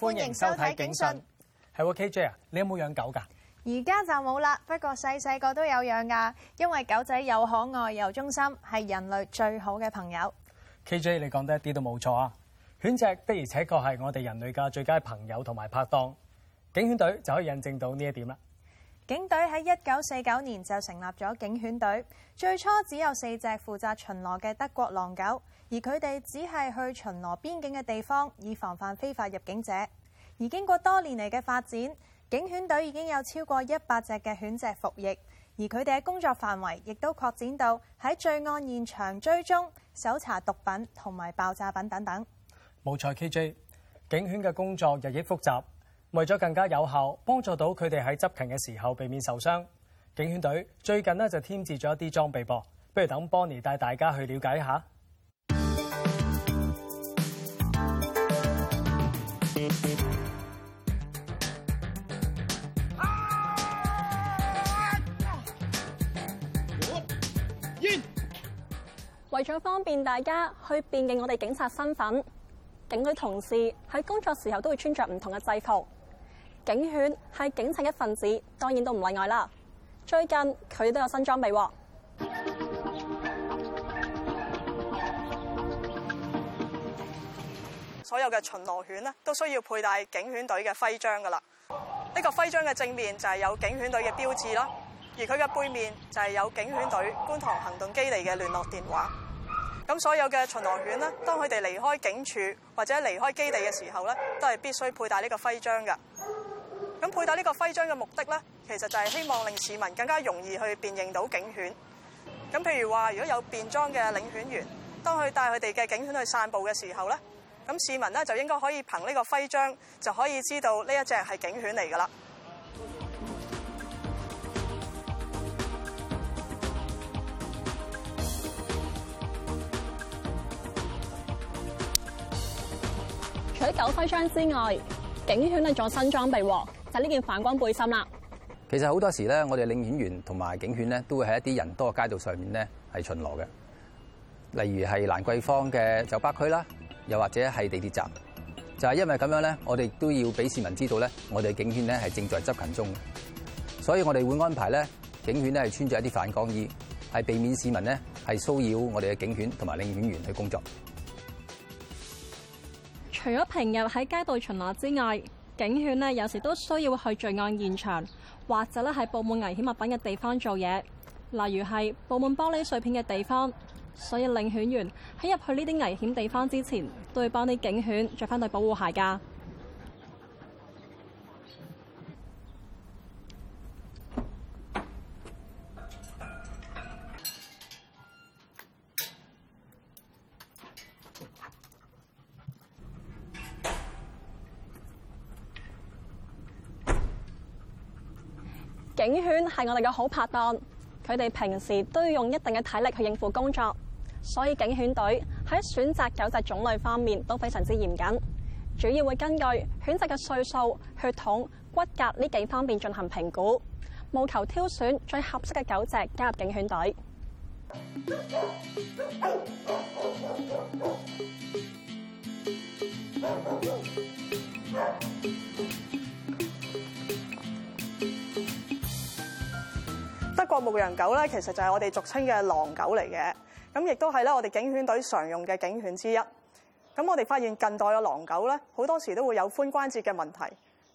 歡迎收睇警訊。係喎，KJ 啊，你有冇養狗噶？而家就冇啦，不過細細個都有養噶，因為狗仔又可愛又忠心，係人類最好嘅朋友。KJ，你講得一啲都冇錯啊！犬隻的而且確係我哋人類嘅最佳朋友同埋拍檔，警犬隊就可以印證到呢一點啦。警隊喺一九四九年就成立咗警犬隊，最初只有四隻負責巡邏嘅德國狼狗，而佢哋只係去巡邏邊境嘅地方，以防範非法入境者。而經過多年嚟嘅發展，警犬隊已經有超過一百隻嘅犬隻服役，而佢哋嘅工作範圍亦都擴展到喺罪案現場追蹤、搜查毒品同埋爆炸品等等。冇錯，KJ，警犬嘅工作日益複雜。為咗更加有效幫助到佢哋喺執勤嘅時候避免受傷，警犬隊最近呢就添置咗一啲裝備噃，不如等 Bonnie 帶大家去了解一下。為咗方便大家去辨認我哋警察身份，警隊同事喺工作時候都會穿着唔同嘅制服。警犬係警察一份子，當然都唔例外啦。最近佢都有新裝備，所有嘅巡邏犬咧都需要佩戴警犬隊嘅徽章噶啦。呢個徽章嘅正面就係有警犬隊嘅標誌啦，而佢嘅背面就係有警犬隊觀塘行動基地嘅聯絡電話。咁所有嘅巡邏犬咧，當佢哋離開警署或者離開基地嘅時候咧都係必須佩戴呢個徽章噶。咁佩戴呢個徽章嘅目的咧，其實就係希望令市民更加容易去辨認到警犬。咁譬如話，如果有便裝嘅領犬員，當佢帶佢哋嘅警犬去散步嘅時候咧，咁市民咧就應該可以憑呢個徽章就可以知道呢一隻係警犬嚟噶啦。除咗狗徽章之外，警犬仲有新裝備喎。就呢件反光背心啦。其實好多時咧，我哋領犬員同埋警犬咧，都會喺一啲人多嘅街道上面咧係巡邏嘅。例如係蘭桂坊嘅酒吧區啦，又或者係地鐵站。就係因為咁樣咧，我哋都要俾市民知道咧，我哋警犬咧係正在執勤中。所以我哋會安排咧警犬咧係穿著一啲反光衣，係避免市民咧係騷擾我哋嘅警犬同埋領犬員去工作。除咗平日喺街道巡邏之外，警犬呢，有時都需要去罪案現場，或者咧喺佈滿危險物品嘅地方做嘢，例如係佈滿玻璃碎片嘅地方，所以領犬員喺入去呢啲危險地方之前，都要幫啲警犬着翻對保護鞋噶。警犬係我哋嘅好拍檔，佢哋平時都要用一定嘅體力去應付工作，所以警犬隊喺選擇狗隻種類方面都非常之嚴謹，主要會根據犬隻嘅歲數、血統、骨骼呢幾方面進行評估，務求挑選最合適嘅狗隻加入警犬隊。雷德國牧羊狗咧，其實就係我哋俗稱嘅狼狗嚟嘅，咁亦都係咧我哋警犬隊常用嘅警犬之一。咁我哋發現近代嘅狼狗咧，好多時都會有髖關節嘅問題，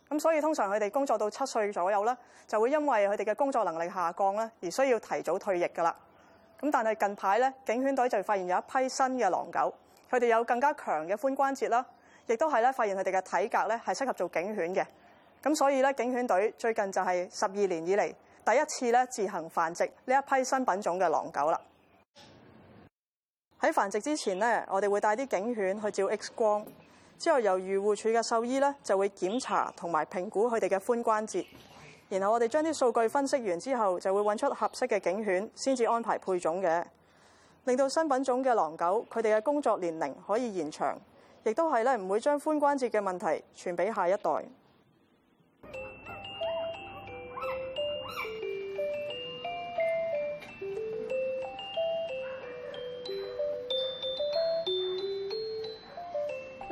咁所以通常佢哋工作到七歲左右咧，就會因為佢哋嘅工作能力下降咧，而需要提早退役㗎喇。咁但係近排咧，警犬隊就發現有一批新嘅狼狗，佢哋有更加強嘅髖關節啦，亦都係咧發現佢哋嘅體格咧係適合做警犬嘅。咁所以咧，警犬隊最近就係十二年以嚟，第一次咧自行繁殖呢一批新品種嘅狼狗啦。喺繁殖之前咧，我哋會帶啲警犬去照 X 光，之後由漁護署嘅獸醫咧就會檢查同埋評估佢哋嘅髖關節。然後我哋將啲數據分析完之後，就會揾出合適嘅警犬，先至安排配種嘅，令到新品種嘅狼狗佢哋嘅工作年齡可以延長，亦都係咧唔會將髖關節嘅問題傳俾下一代。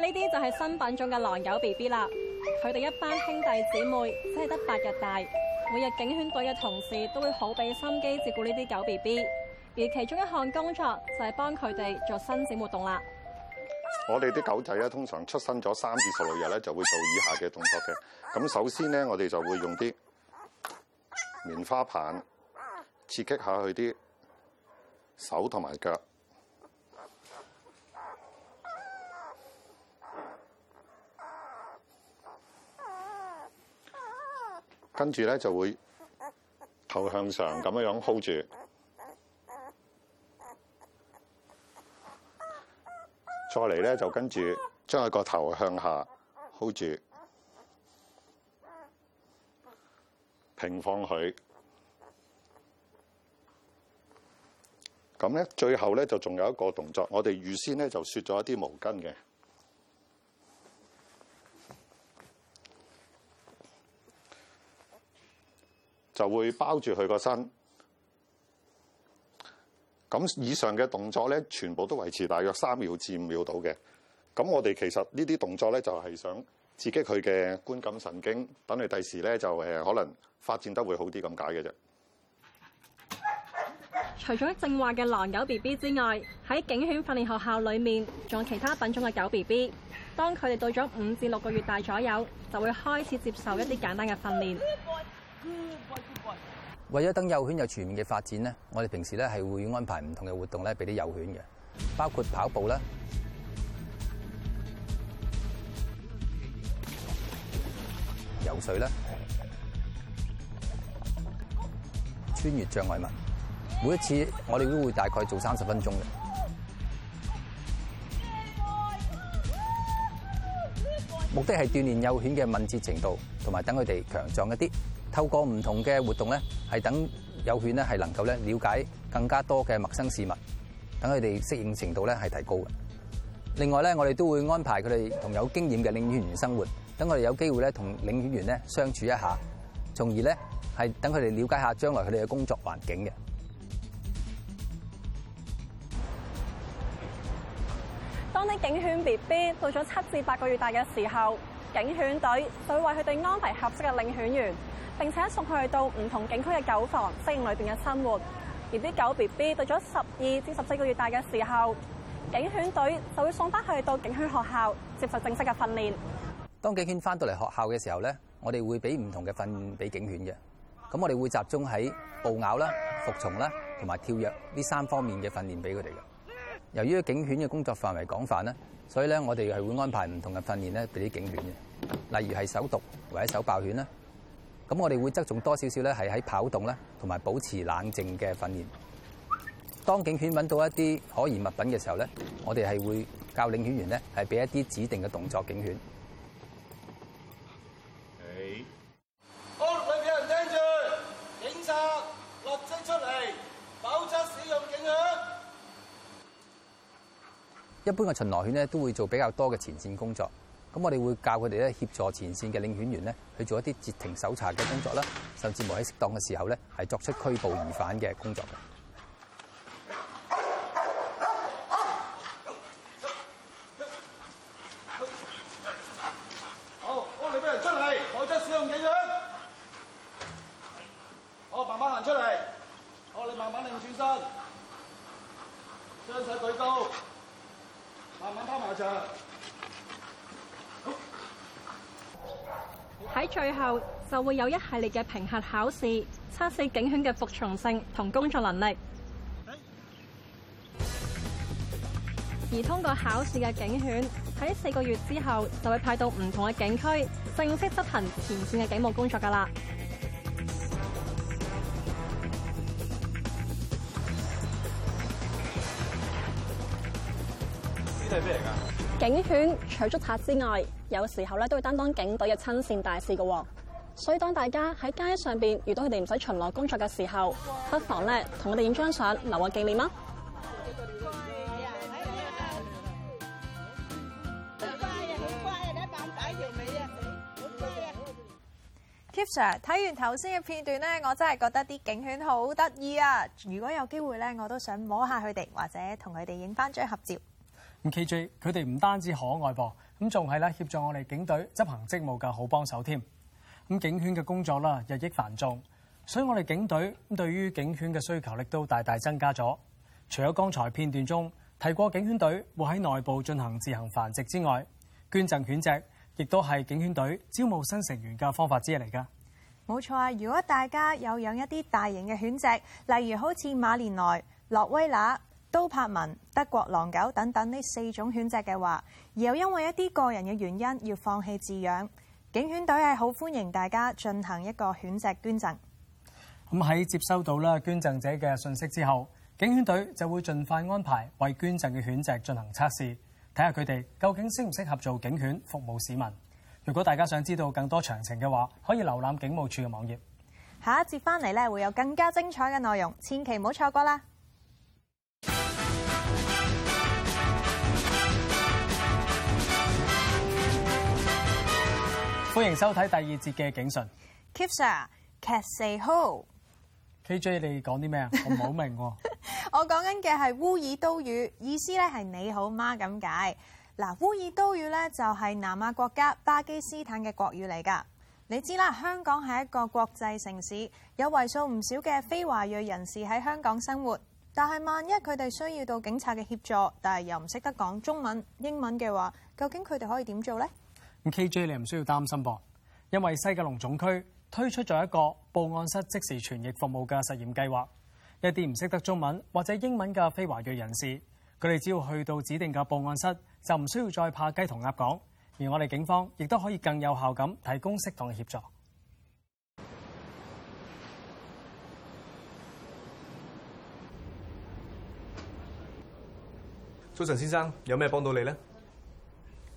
呢啲就係新品種嘅狼狗 B B 啦，佢哋一班兄弟姊妹即是只係得八日大，每日警犬隊嘅同事都會好俾心機照顧呢啲狗 B B，而其中一項工作就係幫佢哋做伸展活動啦。我哋啲狗仔咧，通常出生咗三至十六日咧，就會做以下嘅動作嘅。咁首先咧，我哋就會用啲棉花棒刺激下佢啲手同埋腳。跟住咧就會頭向上咁樣樣 hold 住，再嚟咧就跟住將佢個頭向下 hold 住，平放佢。咁咧最後咧就仲有一個動作，我哋預先咧就雪咗一啲毛巾嘅。就會包住佢個身，咁以上嘅動作咧，全部都維持大約三秒至五秒到嘅。咁我哋其實呢啲動作咧，就係想刺激佢嘅觀感神經，等佢第時咧就誒可能發展得會好啲咁解嘅啫。除咗正話嘅狼狗 B B 之外，喺警犬訓練學校裏面仲有其他品種嘅狗 B B。當佢哋到咗五至六個月大左右，就會開始接受一啲簡單嘅訓練。為咗等幼犬有全面嘅發展咧，我哋平時咧係會安排唔同嘅活動咧俾啲幼犬嘅，包括跑步啦、游水啦、穿越障礙物。每一次我哋都會大概做三十分鐘嘅， 劇烈 目的係鍛煉幼犬嘅敏捷程度，同埋等佢哋強壯一啲。透過唔同嘅活動咧，係等幼犬咧係能夠咧了解更加多嘅陌生事物，等佢哋適應程度咧係提高嘅。另外咧，我哋都會安排佢哋同有經驗嘅領犬員生活，等佢哋有機會咧同領犬員咧相處一下，從而咧係等佢哋了解下將來佢哋嘅工作環境嘅。當啲警犬 B B 到咗七至八個月大嘅時候，警犬隊會為佢哋安排合適嘅領犬員。並且送佢去到唔同警區嘅狗房適應裏邊嘅生活。而啲狗 B B 到咗十二至十四個月大嘅時候，警犬隊就會送翻去到警犬學校接受正式嘅訓練。當警犬翻到嚟學校嘅時候咧，我哋會俾唔同嘅訓練俾警犬嘅。咁我哋會集中喺捕咬啦、服從啦同埋跳躍呢三方面嘅訓練俾佢哋嘅。由於警犬嘅工作範圍廣泛咧，所以咧我哋係會安排唔同嘅訓練咧俾啲警犬嘅，例如係搜毒或者搜爆犬啦。咁我哋會側重多少少咧，係喺跑動咧，同埋保持冷靜嘅訓練。當警犬揾到一啲可疑物品嘅時候咧，我哋係會教領犬員咧，係俾一啲指定嘅動作警犬。誒，好唔俾人頂住，警察立即出嚟，否則使用警犬。一般嘅巡邏犬咧，都會做比較多嘅前線工作。咁我哋會教佢哋咧，協助前線嘅領犬員咧，去做一啲截停搜查嘅工作啦，甚至乎喺適當嘅時候咧，係作出拘捕疑犯嘅工作嘅。喺最後就會有一系列嘅評核考試，測試警犬嘅服從性同工作能力。看而通過考試嘅警犬，喺四個月之後就會派到唔同嘅警區，正式執行前線嘅警務工作噶啦。呢度係咩噶？警犬除咗察之外，有時候咧都會擔當警隊嘅親善大事親善大使噶，所以當大家喺街上邊，如果佢哋唔使巡邏工作嘅時候，不妨咧同佢哋影張相留個紀念啦。Kip Sir 睇完頭先嘅片段咧，我真係覺得啲警犬好得意啊！如果有機會咧，我都想摸下佢哋，或者同佢哋影翻張合照。咁 KJ 佢哋唔單止可愛噃，咁仲係咧協助我哋警隊執行職務嘅好幫手添。咁警犬嘅工作啦，日益繁重，所以我哋警隊咁對於警犬嘅需求力都大大增加咗。除咗剛才片段中提過警犬隊會喺內部進行自行繁殖之外，捐贈犬隻亦都係警犬隊招募新成員嘅方法之一嚟㗎。冇錯啊！如果大家有養一啲大型嘅犬隻，例如好似馬連萊、洛威拿。都柏文、德國狼狗等等呢四種犬隻嘅話，而又因為一啲個人嘅原因要放棄飼養，警犬隊係好歡迎大家進行一個犬隻捐贈。咁喺、嗯、接收到啦捐贈者嘅訊息之後，警犬隊就會盡快安排為捐贈嘅犬隻進行測試，睇下佢哋究竟適唔適合做警犬服務市民。如果大家想知道更多詳情嘅話，可以瀏覽警務處嘅網頁。下一節翻嚟咧，會有更加精彩嘅內容，千祈唔好錯過啦！歡迎收睇第二節嘅警訊。Kip Sir，Kaise ho？KJ，你講啲咩啊？我唔係好明。 我講緊嘅係烏爾都語，意思咧係你好嗎咁解。嗱，烏爾都語咧就係南亞國家巴基斯坦嘅國語嚟噶。你知啦，香港係一個國際城市，有為數唔少嘅非華裔人士喺香港生活。但係萬一佢哋需要到警察嘅協助，但係又唔識得講中文、英文嘅話，究竟佢哋可以點做呢？KJ 你唔需要擔心噃，因為西九龍總區推出咗一個報案室即時傳譯服務嘅實驗計劃，一啲唔識得中文或者英文嘅非華裔人士，佢哋只要去到指定嘅報案室，就唔需要再怕雞同鴨講，而我哋警方亦都可以更有效咁提供適當嘅協助。早晨，先生，有咩幫到你呢？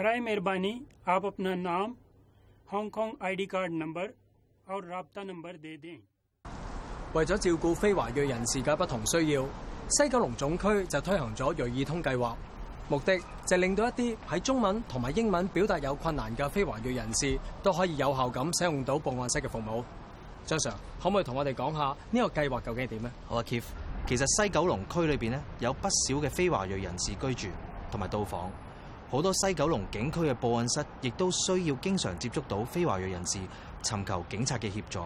為咗照顧非華裔人士嘅不同需要，西九龍總區就推行咗銳意通計劃，目的就係令到一啲喺中文同埋英文表達有困難嘅非華裔人士都可以有效咁使用到報案室嘅服務。張 Sir，可唔可以同我哋講下呢個計劃究竟係點呢？好啊，Keith，其實西九龍區裏邊呢，有不少嘅非華裔人士居住同埋到訪。好多西九龍警區嘅報案室亦都需要經常接觸到非華裔人士，尋求警察嘅協助。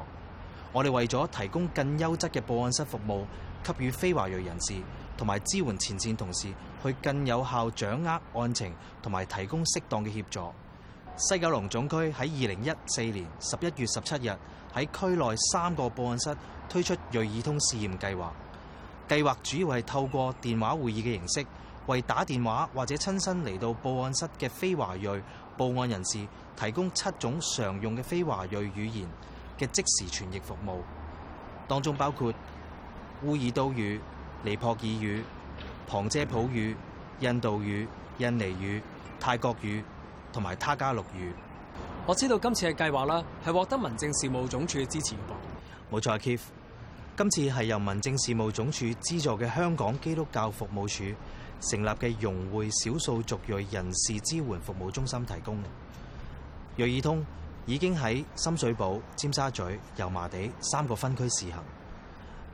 我哋為咗提供更優質嘅報案室服務，給予非華裔人士同埋支援前線同事去更有效掌握案情同埋提供適當嘅協助。西九龍總區喺二零一四年十一月十七日喺區內三個報案室推出瑞爾通試驗計劃。計劃主要係透過電話會議嘅形式。為打電話或者親身嚟到報案室嘅非華裔報案人士提供七種常用嘅非華裔語言嘅即時傳譯服務，當中包括烏爾都語、尼泊爾語、旁遮普語、印度語、印尼語、泰國語同埋他加禄語。我知道今次嘅計劃啦，係獲得民政事務總署嘅支持，冇錯啊，阿 Keith，今次係由民政事務總署資助嘅香港基督教服務處。成立嘅融匯少數族裔人士支援服務中心提供嘅。瑞爾通已經喺深水埗、尖沙咀、油麻地三個分區試行。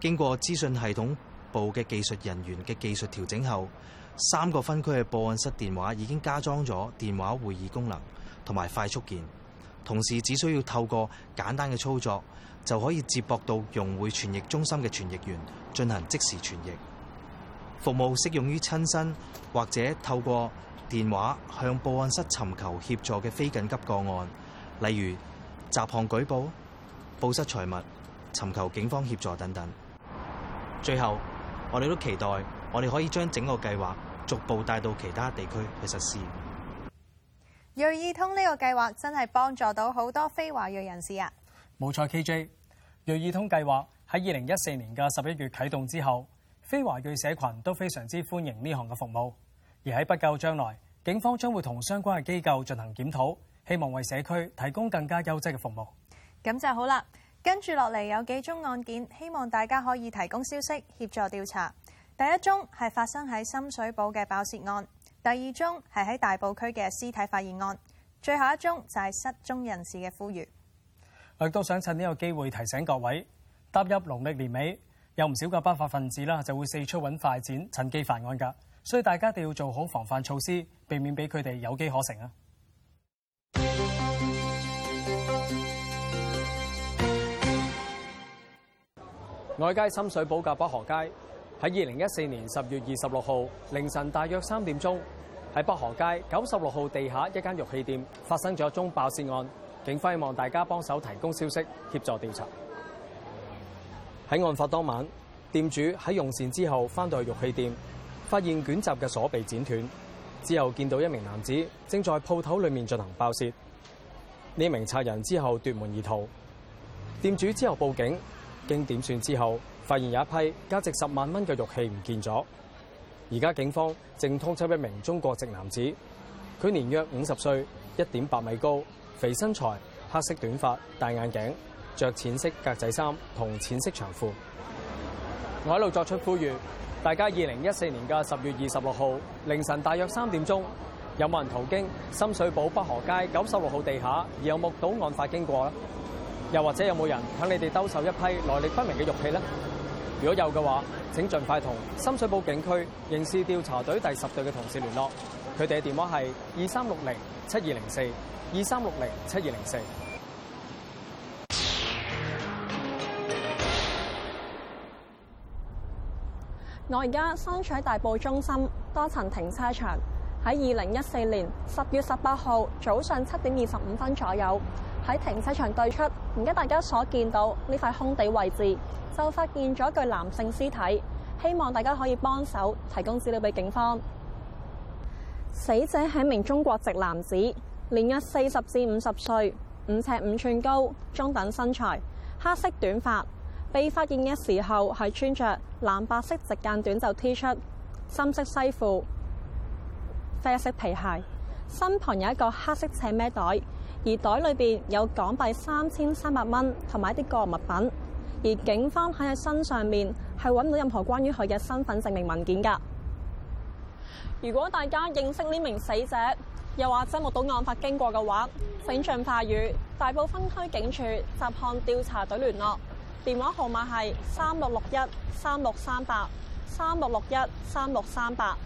經過資訊系統部嘅技術人員嘅技術調整後，三個分區嘅報案室電話已經加裝咗電話會議功能同埋快速鍵。同時，只需要透過簡單嘅操作就可以接駁到融匯傳譯中心嘅傳譯員進行即時傳譯。服務適用於親身或者透過電話向報案室尋求協助嘅非緊急個案，例如雜項舉報、報失財物、尋求警方協助等等。最後，我哋都期待我哋可以將整個計劃逐步帶到其他地區去實施。瑞爾通呢個計劃真係幫助到好多非華裔人士啊！冇錯，KJ，瑞爾通計劃喺二零一四年嘅十一月啟動之後。非華裔社群都非常之歡迎呢項嘅服務，而喺不久將來，警方將會同相關嘅機構進行檢討，希望為社區提供更加優質嘅服務。咁就好啦。跟住落嚟有幾宗案件，希望大家可以提供消息協助調查。第一宗係發生喺深水埗嘅爆竊案，第二宗係喺大埔區嘅屍體發現案，最後一宗就係失蹤人士嘅呼籲。我亦都想趁呢個機會提醒各位，踏入農曆年尾。有唔少嘅不法分子啦，就會四出揾快錢，趁機犯案㗎，所以大家一定要做好防範措施，避免俾佢哋有機可乘啊！外街深水埗嘅北河街，喺二零一四年十月二十六號凌晨大約三點鐘，喺北河街九十六號地下一間玉器店發生咗一宗爆竊案，警方希望大家幫手提供消息，協助調查。喺案發當晚，店主喺用膳之後翻到去玉器店，發現捲閘嘅鎖被剪斷，之後見到一名男子正在鋪頭裏面進行爆竊，呢名賊人之後奪門而逃。店主之後報警，經點算之後，發現有一批價值十萬蚊嘅玉器唔見咗。而家警方正通緝一名中國籍男子，佢年約五十歲，一點八米高，肥身材，黑色短髮，戴眼鏡。着淺色格仔衫同淺色長褲。我喺度作出呼籲，大家二零一四年嘅十月二十六號凌晨大約三點鐘，有冇人途經深水埗北河街九十六號地下而有目睹案發經過呢？又或者有冇人向你哋兜售一批來歷不明嘅玉器呢？如果有嘅話，請盡快同深水埗警區刑事調查隊第十隊嘅同事聯絡，佢哋嘅電話係二三六零七二零四二三六零七二零四。我而家身處大埔中心多層停車場，喺二零一四年十月十八號早上七點二十五分左右喺停車場對出，而家大家所見到呢塊空地位置，就發現咗一具男性屍體，希望大家可以幫手提供資料俾警方。死者係一名中國籍男子，年約四十至五十歲，五尺五寸高，中等身材，黑色短髮。被發現嘅時候係穿著藍白色直間短袖 T 恤，深色西褲，啡色皮鞋，身旁有一個黑色斜孭袋，而袋裏面有港幣三千三百蚊同埋一啲個人物品。而警方喺佢身上面係揾唔到任何關於佢嘅身份證明文件㗎。如果大家認識呢名死者，又或者目睹案發經過嘅話，請儘快與大埔分區警署集看調查隊聯絡。電話號碼係三六六一三六三八三六六一三六三八。36 38, 36。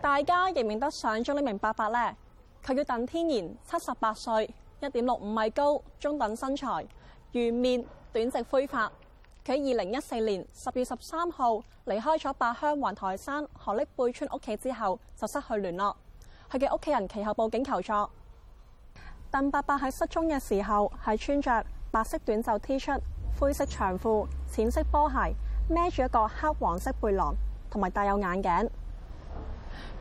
大家認唔認得相中呢名伯伯呢？佢叫鄧天然，七十八歲，一點六五米高，中等身材，圓面，短直灰髮。佢二零一四年十月十三號離開咗八鄉橫台山河瀝背村屋企之後，就失去聯絡。佢嘅屋企人其後報警求助。鄧伯伯喺失蹤嘅時候係穿着白色短袖 T 恤、灰色長褲、淺色波鞋，孭住一個黑黃色背囊，同埋戴有眼鏡。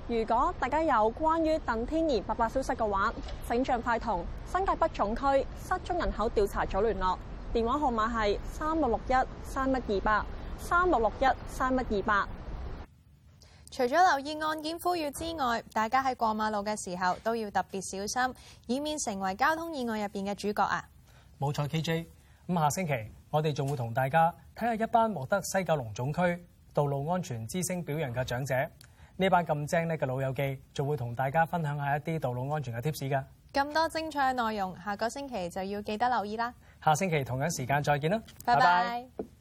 如果大家有關於鄧天兒伯伯消息嘅話，請盡快同新界北總區失蹤人口調查組聯絡，電話號碼係三六六一三一二八三六六一三一二八。除咗留意案件呼籲之外，大家喺過馬路嘅時候都要特別小心，以免成為交通意外入面嘅主角啊！冇錯，KJ。咁下星期我哋仲會同大家睇下一班獲得西九龍總區道路安全之星表揚嘅長者，呢班咁精叻嘅老友記仲會同大家分享下一啲道路安全嘅 tips 噶。咁多精彩內容，下個星期就要記得留意啦！下星期同樣時間再見啦，拜拜 bye。Bye bye